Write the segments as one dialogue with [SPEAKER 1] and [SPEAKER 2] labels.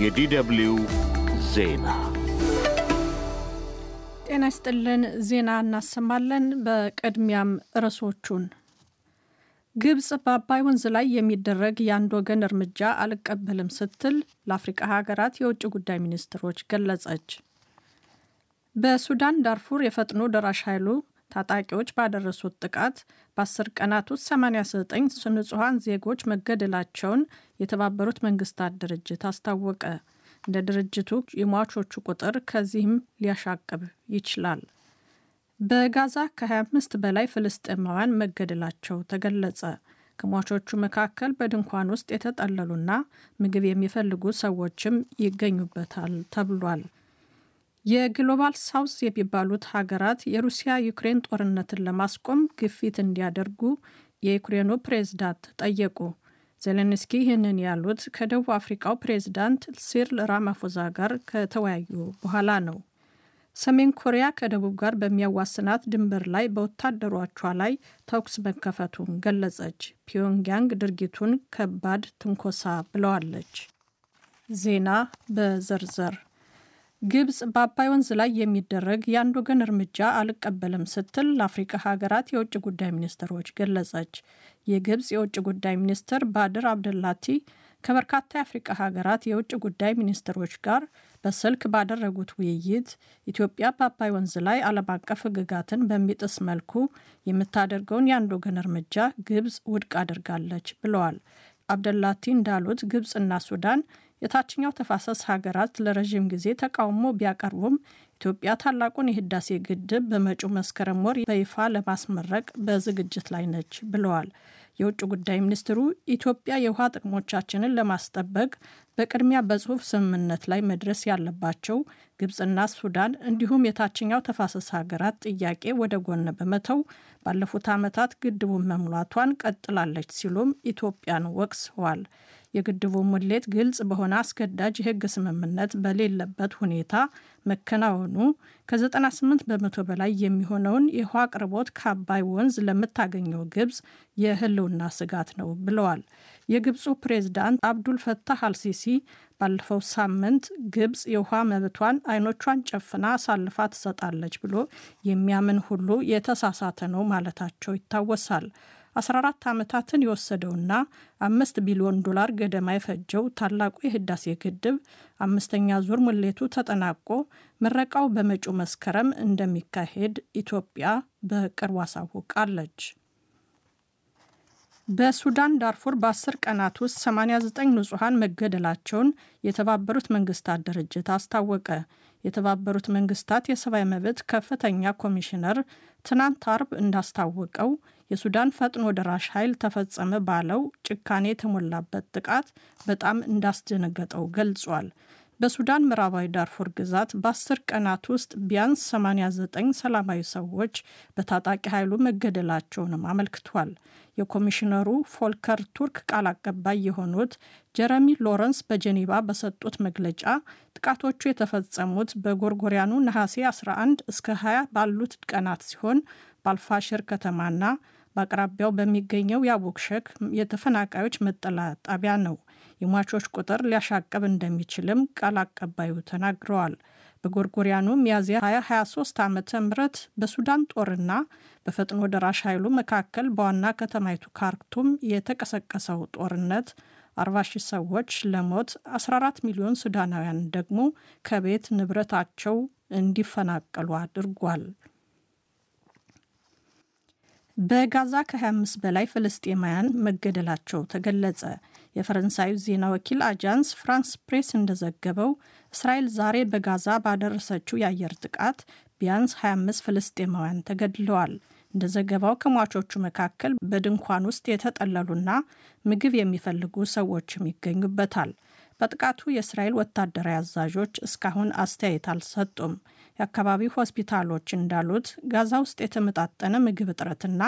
[SPEAKER 1] የዲደብልዩ ዜና ጤና ይስጥልን። ዜና እናሰማለን። በቅድሚያም ርዕሶቹን ግብፅ በአባይ ወንዝ ላይ የሚደረግ የአንድ ወገን እርምጃ አልቀበልም ስትል ለአፍሪቃ ሀገራት የውጭ ጉዳይ ሚኒስትሮች ገለጸች። በሱዳን ዳርፉር የፈጥኖ ደራሽ ኃይሉ ታጣቂዎች ባደረሱት ጥቃት በአስር ቀናት ውስጥ 89 ንጹሐን ዜጎች መገደላቸውን የተባበሩት መንግስታት ድርጅት አስታወቀ። እንደ ድርጅቱ የሟቾቹ ቁጥር ከዚህም ሊያሻቅብ ይችላል። በጋዛ ከ25 በላይ ፍልስጤማውያን መገደላቸው ተገለጸ። ከሟቾቹ መካከል በድንኳን ውስጥ የተጠለሉና ምግብ የሚፈልጉ ሰዎችም ይገኙበታል ተብሏል። የግሎባል ሳውስ የሚባሉት ሀገራት የሩሲያ ዩክሬን ጦርነትን ለማስቆም ግፊት እንዲያደርጉ የዩክሬኑ ፕሬዝዳንት ጠየቁ። ዜሌንስኪ ይህንን ያሉት ከደቡብ አፍሪካው ፕሬዝዳንት ሲርል ራማፎዛ ጋር ከተወያዩ በኋላ ነው። ሰሜን ኮሪያ ከደቡብ ጋር በሚያዋስናት ድንበር ላይ በወታደሮቿ ላይ ተኩስ መከፈቱን ገለጸች። ፒዮንግያንግ ድርጊቱን ከባድ ትንኮሳ ብለዋለች። ዜና በዝርዝር ግብጽ በአባይ ወንዝ ላይ የሚደረግ የአንድ ወገን እርምጃ አልቀበልም ስትል ለአፍሪካ ሀገራት የውጭ ጉዳይ ሚኒስትሮች ገለጸች። የግብጽ የውጭ ጉዳይ ሚኒስትር ባድር አብደላቲ ከበርካታ የአፍሪካ ሀገራት የውጭ ጉዳይ ሚኒስትሮች ጋር በስልክ ባደረጉት ውይይት ኢትዮጵያ በአባይ ወንዝ ላይ ዓለም አቀፍ ሕግጋትን በሚጥስ መልኩ የምታደርገውን የአንድ ወገን እርምጃ ግብጽ ውድቅ አድርጋለች ብለዋል። አብደላቲ እንዳሉት ግብጽና ሱዳን የታችኛው ተፋሰስ ሀገራት ለረዥም ጊዜ ተቃውሞ ቢያቀርቡም ኢትዮጵያ ታላቁን የህዳሴ ግድብ በመጪው መስከረም ወር በይፋ ለማስመረቅ በዝግጅት ላይ ነች ብለዋል። የውጭ ጉዳይ ሚኒስትሩ ኢትዮጵያ የውሃ ጥቅሞቻችንን ለማስጠበቅ በቅድሚያ በጽሁፍ ስምምነት ላይ መድረስ ያለባቸው ግብፅና ሱዳን እንዲሁም የታችኛው ተፋሰስ ሀገራት ጥያቄ ወደ ጎን በመተው ባለፉት ዓመታት ግድቡን መሙላቷን ቀጥላለች ሲሉም ኢትዮጵያን ወቅሰዋል። የግድቡ ሙሌት ግልጽ በሆነ አስገዳጅ የህግ ስምምነት በሌለበት ሁኔታ መከናወኑ ከ98 በመቶ በላይ የሚሆነውን የውሃ አቅርቦት ከአባይ ወንዝ ለምታገኘው ግብፅ የህልውና ስጋት ነው ብለዋል። የግብፁ ፕሬዝዳንት አብዱል ፈታህ አልሲሲ ባለፈው ሳምንት ግብፅ የውሃ መብቷን አይኖቿን ጨፍና አሳልፋ ትሰጣለች ብሎ የሚያምን ሁሉ የተሳሳተ ነው ማለታቸው ይታወሳል። 14 ዓመታትን የወሰደውና አምስት ቢሊዮን ዶላር ገደማ የፈጀው ታላቁ የህዳሴ ግድብ አምስተኛ ዙር ሙሌቱ ተጠናቆ ምረቃው በመጪው መስከረም እንደሚካሄድ ኢትዮጵያ በቅርቡ አሳውቃለች። በሱዳን ዳርፉር በአስር ቀናት ውስጥ 89 ንጹሐን መገደላቸውን የተባበሩት መንግስታት ድርጅት አስታወቀ። የተባበሩት መንግስታት የሰብአዊ መብት ከፍተኛ ኮሚሽነር ትናንት አርብ እንዳስታወቀው የሱዳን ፈጥኖ ደራሽ ኃይል ተፈጸመ ባለው ጭካኔ የተሞላበት ጥቃት በጣም እንዳስደነገጠው ገልጿል። በሱዳን ምዕራባዊ ዳርፉር ግዛት በአስር ቀናት ውስጥ ቢያንስ 89 ሰላማዊ ሰዎች በታጣቂ ኃይሉ መገደላቸውንም አመልክቷል። የኮሚሽነሩ ፎልከር ቱርክ ቃል አቀባይ የሆኑት ጀረሚ ሎረንስ በጀኔቫ በሰጡት መግለጫ ጥቃቶቹ የተፈጸሙት በጎርጎሪያኑ ነሐሴ 11 እስከ 20 ባሉት ቀናት ሲሆን በአልፋሽር ከተማና በአቅራቢያው በሚገኘው የአቡክሸክ የተፈናቃዮች መጠለያ ጣቢያ ነው። የሟቾች ቁጥር ሊያሻቅብ እንደሚችልም ቃል አቀባዩ ተናግረዋል። በጎርጎሪያኑ ሚያዝያ 2023 ዓ ም በሱዳን ጦርና በፈጥኖ ደራሽ ኃይሉ መካከል በዋና ከተማይቱ ካርቱም የተቀሰቀሰው ጦርነት 40 ሺህ ሰዎች ለሞት 14 ሚሊዮን ሱዳናውያን ደግሞ ከቤት ንብረታቸው እንዲፈናቀሉ አድርጓል። በጋዛ ከ25 በላይ ፍልስጤማውያን መገደላቸው ተገለጸ። የፈረንሳዩ ዜና ወኪል አጃንስ ፍራንስ ፕሬስ እንደዘገበው እስራኤል ዛሬ በጋዛ ባደረሰችው የአየር ጥቃት ቢያንስ 25 ፍልስጤማውያን ተገድለዋል። እንደ ዘገባው ከሟቾቹ መካከል በድንኳን ውስጥ የተጠለሉና ምግብ የሚፈልጉ ሰዎችም ይገኙበታል። በጥቃቱ የእስራኤል ወታደራዊ አዛዦች እስካሁን አስተያየት አልሰጡም። የአካባቢው ሆስፒታሎች እንዳሉት ጋዛ ውስጥ የተመጣጠነ ምግብ እጥረትና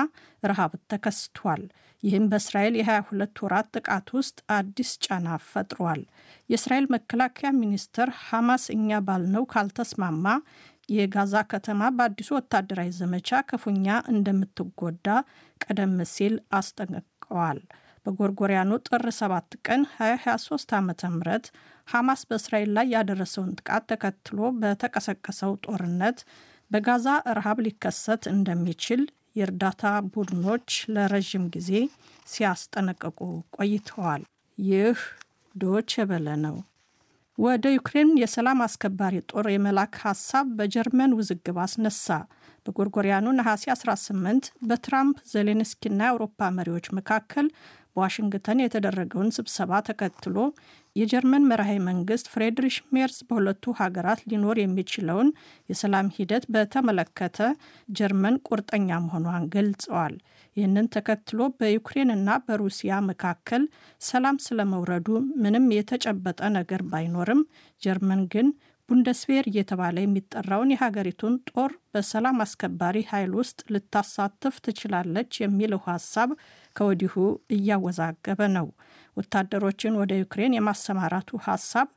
[SPEAKER 1] ረሃብ ተከስቷል። ይህም በእስራኤል የ22 ወራት ጥቃት ውስጥ አዲስ ጫና ፈጥሯል። የእስራኤል መከላከያ ሚኒስትር ሐማስ እኛ ባልነው ካልተስማማ የጋዛ ከተማ በአዲሱ ወታደራዊ ዘመቻ ክፉኛ እንደምትጎዳ ቀደም ሲል አስጠንቅቀዋል። በጎርጎሪያኑ ጥር 7 ቀን 2023 ዓ ም ሐማስ በእስራኤል ላይ ያደረሰውን ጥቃት ተከትሎ በተቀሰቀሰው ጦርነት በጋዛ ረሃብ ሊከሰት እንደሚችል የእርዳታ ቡድኖች ለረዥም ጊዜ ሲያስጠነቅቁ ቆይተዋል። ይህ ዶች በለ ነው። ወደ ዩክሬን የሰላም አስከባሪ ጦር የመላክ ሀሳብ በጀርመን ውዝግብ አስነሳ። በጎርጎሪያኑ ነሐሴ 18 በትራምፕ ዜሌንስኪና የአውሮፓ መሪዎች መካከል በዋሽንግተን የተደረገውን ስብሰባ ተከትሎ የጀርመን መራሄ መንግስት ፍሬድሪሽ ሜርስ በሁለቱ ሀገራት ሊኖር የሚችለውን የሰላም ሂደት በተመለከተ ጀርመን ቁርጠኛ መሆኗን ገልጸዋል። ይህንን ተከትሎ በዩክሬንና በሩሲያ መካከል ሰላም ስለመውረዱ ምንም የተጨበጠ ነገር ባይኖርም ጀርመን ግን ቡንደስዌር እየተባለ የሚጠራውን የሀገሪቱን ጦር በሰላም አስከባሪ ኃይል ውስጥ ልታሳትፍ ትችላለች የሚለው ሀሳብ ከወዲሁ እያወዛገበ ነው። ወታደሮችን ወደ ዩክሬን የማሰማራቱ ሀሳብ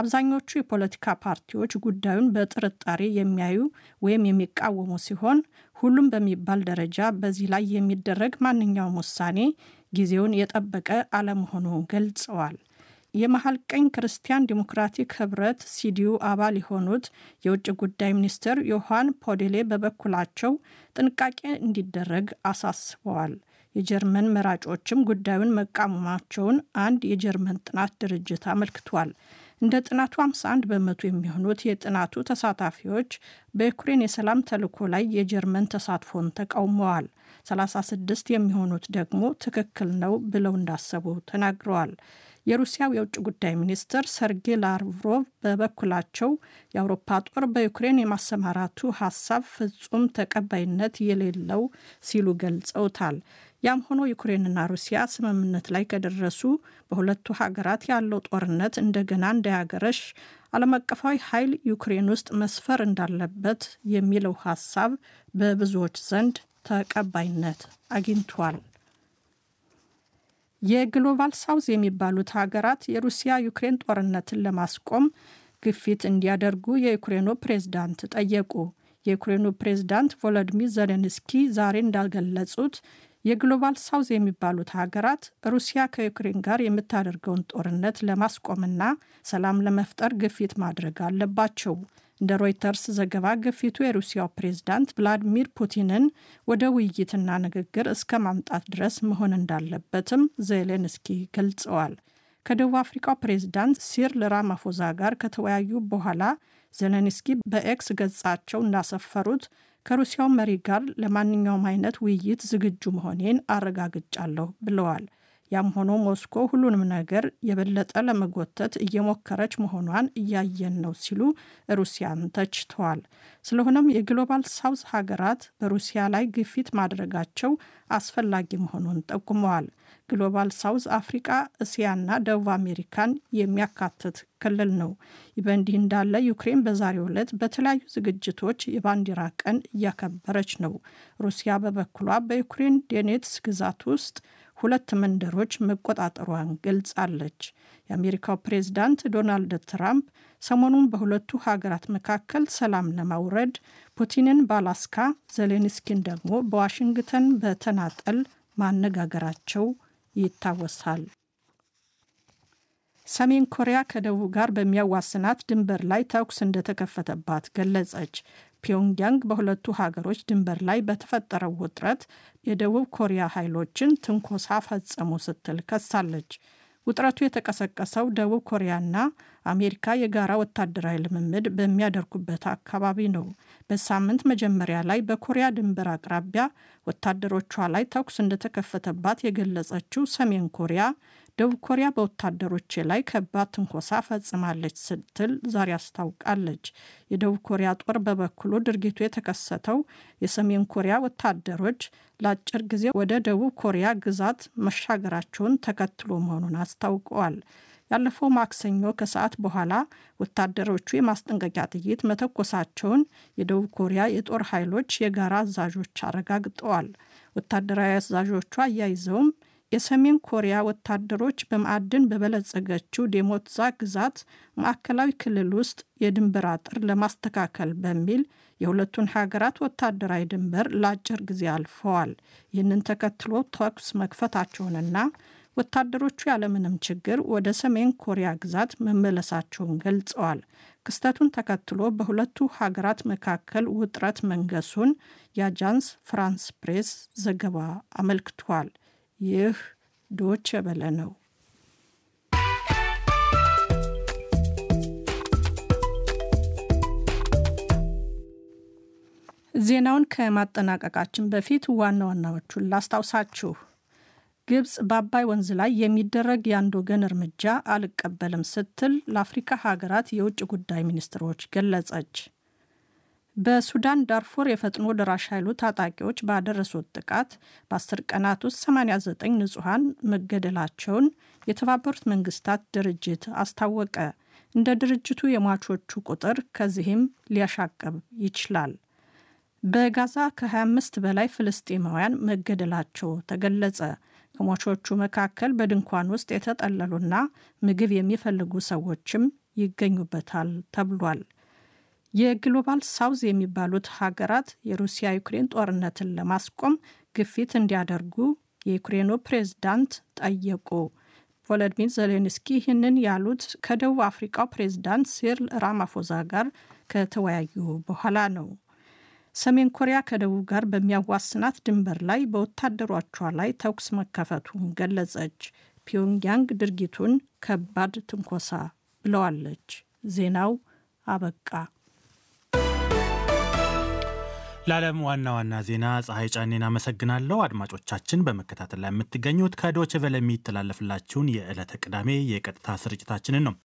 [SPEAKER 1] አብዛኞቹ የፖለቲካ ፓርቲዎች ጉዳዩን በጥርጣሬ የሚያዩ ወይም የሚቃወሙ ሲሆን ሁሉም በሚባል ደረጃ በዚህ ላይ የሚደረግ ማንኛውም ውሳኔ ጊዜውን የጠበቀ አለመሆኑ ገልጸዋል። የመሀል ቀኝ ክርስቲያን ዲሞክራቲክ ህብረት ሲዲዩ አባል የሆኑት የውጭ ጉዳይ ሚኒስትር ዮሐን ፖዴሌ በበኩላቸው ጥንቃቄ እንዲደረግ አሳስበዋል። የጀርመን መራጮችም ጉዳዩን መቃወማቸውን አንድ የጀርመን ጥናት ድርጅት አመልክቷል። እንደ ጥናቱ 51 በመቶ የሚሆኑት የጥናቱ ተሳታፊዎች በዩክሬን የሰላም ተልዕኮ ላይ የጀርመን ተሳትፎን ተቃውመዋል። 36 የሚሆኑት ደግሞ ትክክል ነው ብለው እንዳሰቡ ተናግረዋል። የሩሲያው የውጭ ጉዳይ ሚኒስትር ሰርጌ ላቭሮቭ በበኩላቸው የአውሮፓ ጦር በዩክሬን የማሰማራቱ ሀሳብ ፍጹም ተቀባይነት የሌለው ሲሉ ገልጸውታል። ያም ሆኖ ዩክሬንና ሩሲያ ስምምነት ላይ ከደረሱ በሁለቱ ሀገራት ያለው ጦርነት እንደገና እንዳያገረሽ ዓለም አቀፋዊ ኃይል ዩክሬን ውስጥ መስፈር እንዳለበት የሚለው ሀሳብ በብዙዎች ዘንድ ተቀባይነት አግኝቷል። የግሎባል ሳውዝ የሚባሉት ሀገራት የሩሲያ ዩክሬን ጦርነትን ለማስቆም ግፊት እንዲያደርጉ የዩክሬኑ ፕሬዝዳንት ጠየቁ። የዩክሬኑ ፕሬዝዳንት ቮሎዲሚር ዘሌንስኪ ዛሬ እንዳገለጹት የግሎባል ሳውዝ የሚባሉት ሀገራት ሩሲያ ከዩክሬን ጋር የምታደርገውን ጦርነት ለማስቆምና ሰላም ለመፍጠር ግፊት ማድረግ አለባቸው። እንደ ሮይተርስ ዘገባ ግፊቱ የሩሲያው ፕሬዝዳንት ቭላዲሚር ፑቲንን ወደ ውይይትና ንግግር እስከ ማምጣት ድረስ መሆን እንዳለበትም ዜሌንስኪ ገልጸዋል። ከደቡብ አፍሪካው ፕሬዝዳንት ሲርል ራማፎዛ ጋር ከተወያዩ በኋላ ዜሌንስኪ በኤክስ ገጻቸው እንዳሰፈሩት ከሩሲያው መሪ ጋር ለማንኛውም አይነት ውይይት ዝግጁ መሆኔን አረጋግጫለሁ ብለዋል። ያም ሆኖ ሞስኮ ሁሉንም ነገር የበለጠ ለመጎተት እየሞከረች መሆኗን እያየን ነው ሲሉ ሩሲያን ተችተዋል። ስለሆነም የግሎባል ሳውዝ ሀገራት በሩሲያ ላይ ግፊት ማድረጋቸው አስፈላጊ መሆኑን ጠቁመዋል። ግሎባል ሳውዝ አፍሪቃ፣ እስያና ደቡብ አሜሪካን የሚያካትት ክልል ነው። ይህ በእንዲህ እንዳለ ዩክሬን በዛሬው ዕለት በተለያዩ ዝግጅቶች የባንዲራ ቀን እያከበረች ነው። ሩሲያ በበኩሏ በዩክሬን ዴኔትስ ግዛት ውስጥ ሁለት መንደሮች መቆጣጠሯን ገልጻለች። የአሜሪካው ፕሬዝዳንት ዶናልድ ትራምፕ ሰሞኑን በሁለቱ ሀገራት መካከል ሰላም ለማውረድ ፑቲንን በአላስካ ዘሌንስኪን ደግሞ በዋሽንግተን በተናጠል ማነጋገራቸው ይታወሳል። ሰሜን ኮሪያ ከደቡብ ጋር በሚያዋስናት ድንበር ላይ ተኩስ እንደተከፈተባት ገለጸች። ፒዮንግያንግ በሁለቱ ሀገሮች ድንበር ላይ በተፈጠረው ውጥረት የደቡብ ኮሪያ ኃይሎችን ትንኮሳ ፈጸሙ ስትል ከሳለች። ውጥረቱ የተቀሰቀሰው ደቡብ ኮሪያና አሜሪካ የጋራ ወታደራዊ ልምምድ በሚያደርጉበት አካባቢ ነው። በሳምንት መጀመሪያ ላይ በኮሪያ ድንበር አቅራቢያ ወታደሮቿ ላይ ተኩስ እንደተከፈተባት የገለጸችው ሰሜን ኮሪያ ደቡብ ኮሪያ በወታደሮቼ ላይ ከባድ ትንኮሳ ፈጽማለች ስትል ዛሬ አስታውቃለች። የደቡብ ኮሪያ ጦር በበኩሉ ድርጊቱ የተከሰተው የሰሜን ኮሪያ ወታደሮች ለአጭር ጊዜ ወደ ደቡብ ኮሪያ ግዛት መሻገራቸውን ተከትሎ መሆኑን አስታውቀዋል። ያለፈው ማክሰኞ ከሰዓት በኋላ ወታደሮቹ የማስጠንቀቂያ ጥይት መተኮሳቸውን የደቡብ ኮሪያ የጦር ኃይሎች የጋራ አዛዦች አረጋግጠዋል። ወታደራዊ አዛዦቹ አያይዘውም የሰሜን ኮሪያ ወታደሮች በማዕድን በበለጸገችው ዴሞትዛ ግዛት ማዕከላዊ ክልል ውስጥ የድንበር አጥር ለማስተካከል በሚል የሁለቱን ሀገራት ወታደራዊ ድንበር ለአጭር ጊዜ አልፈዋል። ይህንን ተከትሎ ተኩስ መክፈታቸውንና ወታደሮቹ ያለምንም ችግር ወደ ሰሜን ኮሪያ ግዛት መመለሳቸውን ገልጸዋል። ክስተቱን ተከትሎ በሁለቱ ሀገራት መካከል ውጥረት መንገሱን የአጃንስ ፍራንስ ፕሬስ ዘገባ አመልክቷል። ይህ ዶች በለ ነው። ዜናውን ከማጠናቀቃችን በፊት ዋና ዋናዎቹን ላስታውሳችሁ። ግብጽ በአባይ ወንዝ ላይ የሚደረግ የአንድ ወገን እርምጃ አልቀበልም ስትል ለአፍሪካ ሀገራት የውጭ ጉዳይ ሚኒስትሮች ገለጸች። በሱዳን ዳርፎር የፈጥኖ ደራሽ ኃይሉ ታጣቂዎች ባደረሱት ጥቃት በአስር ቀናት ውስጥ 89 ንጹሐን መገደላቸውን የተባበሩት መንግስታት ድርጅት አስታወቀ። እንደ ድርጅቱ የሟቾቹ ቁጥር ከዚህም ሊያሻቅብ ይችላል። በጋዛ ከ25 በላይ ፍልስጤማውያን መገደላቸው ተገለጸ። ከሟቾቹ መካከል በድንኳን ውስጥ የተጠለሉና ምግብ የሚፈልጉ ሰዎችም ይገኙበታል ተብሏል። የግሎባል ሳውዝ የሚባሉት ሀገራት የሩሲያ ዩክሬን ጦርነትን ለማስቆም ግፊት እንዲያደርጉ የዩክሬኑ ፕሬዝዳንት ጠየቁ። ቮሎዲሚር ዘሌንስኪ ይህንን ያሉት ከደቡብ አፍሪካው ፕሬዝዳንት ሲርል ራማፎዛ ጋር ከተወያዩ በኋላ ነው። ሰሜን ኮሪያ ከደቡብ ጋር በሚያዋስናት ድንበር ላይ በወታደሮቿ ላይ ተኩስ መከፈቱን ገለጸች። ፒዮንግያንግ ድርጊቱን ከባድ ትንኮሳ ብለዋለች። ዜናው አበቃ። ለዓለም ዋና ዋና ዜና ፀሐይ ጫኔን አመሰግናለሁ። አድማጮቻችን በመከታተል ላይ የምትገኙት ከዶችቨለ የሚተላለፍላችሁን የዕለተ ቅዳሜ የቀጥታ ስርጭታችንን ነው።